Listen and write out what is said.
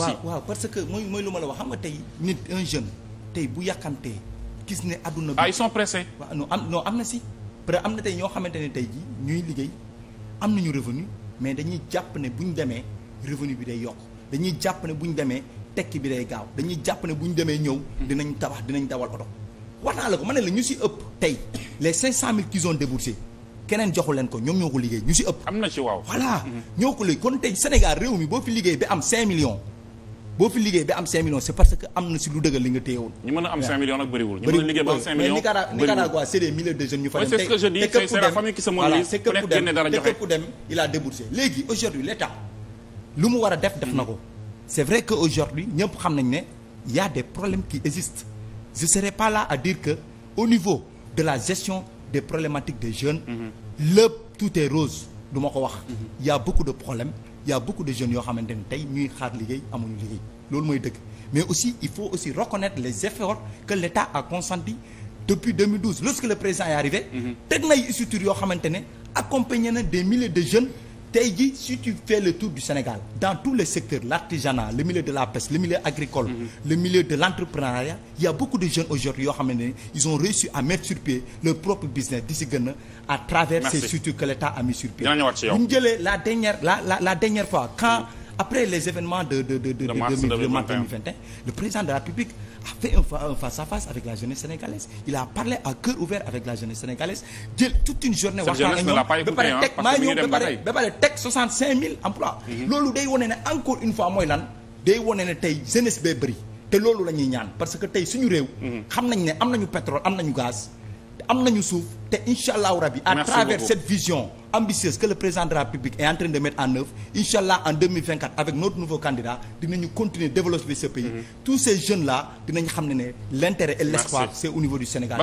waaw waaw parce que mooy mooy lu ma la wax xam nga tey nit un jeune tey bu yàkkantee gis ne adduna bi. ah son sont pressés. waaw am noo am na si. parce am na tey ñoo xamante ne tey jii ñuy liggéey am na ñu revenu mais dañuy jàpp ne bu ñu demee revenu bi day yokk dañuy jàpp ne bu ñu demee tekki bi day gaaw dañuy jàpp ne bu ñu demee ñëw. Hmm. dinañ tabax dinañ dawal oto. wax naa la ko ma ne la ñu si ëpp tey les 500000 qu'ils ont déboursé keneen joxu leen ko ñoom ñoo ko liggéey ñu si ëpp. am na ci waaw voilà. Hmm. ñoo ko léegi kon tey Sénégal réew mi boo fi liggéey ba am 5 millions. boo fi liggéey ba am 5 c'est parce que am na si lu dëggal li nga téye ñu mën a am 5 millions nag bëriwul. bëriwul ñu mën a liggéey ba am 5 millions bëriwul mais Nicaragua c'est des milliers de jeunes ñu fa dem. tey tey dem voilà c'est képp léegi aujourd'hui l'État lu mu war def def na ko c'est vrai que aujourd'hui ñëpp xam nañ ne il y a des problèmes qui existent je serai pas là à dire que au niveau de la gestion des problématiques des jeunes. Mm-hmm. lépp tout est rose du ma ko wax. Mm-hmm. il y y' a de jeunes yoo xamante ne tey ñuy xaar liggéey amuñu liggéey loolu mooy dëgg mais aussi il faut aussi reconnaître les efforts que l' État a consenti depuis 2012 lorsque le président est arrivé. Mm-hmm. teg na ay structures yoo xamante ne accompagné na des milliers de jeunes. tey jii si tu fais le tour du Sénégal dans tous les secteurs l'artisanat le milieu de la pêche le milieu agricole mhm. le milieu de l'entrepreneuriat il y a beaucoup de jeunes aujourd'hui yoo xamante ne ils ont réussi à mettre sur pied leur propre business di si gën à travers Merci. ces structures que l'État a mis sur pied bu ñu jëlee la dernière la la la dernière fois quand mmh. après les événements de de de de de mars 2021 le président de la République a fait un face-à-face avec la jeunesse sénégalaise il a parlé à cœur ouvert avec la jeunesse sénégalaise jël toute une journée. waxtaan ak ñoom ba pare teg maa ñëw ba pare ba pare teg 65000 emplois. Mhm. loolu day wone ne encore une fois mooy lan day wone ne tey jeunesse bee bëri te loolu la ñuy ñaan parce que tey suñu réew. Mhm. xam nañ ne am nañu pétrole am nañu gaz am nañu suuf te incha allahu rabi. à travers cette vision. ambitieuse que le président de la République est en train de mettre en œuvre inchallah en 2024 avec notre nouveau candidat dinañu continuer développer ce pays. Mm-hmm. tous ces jeunes là dinañ xam ne ne l'intérêt et l'espoir c'est au niveau du Sénégal.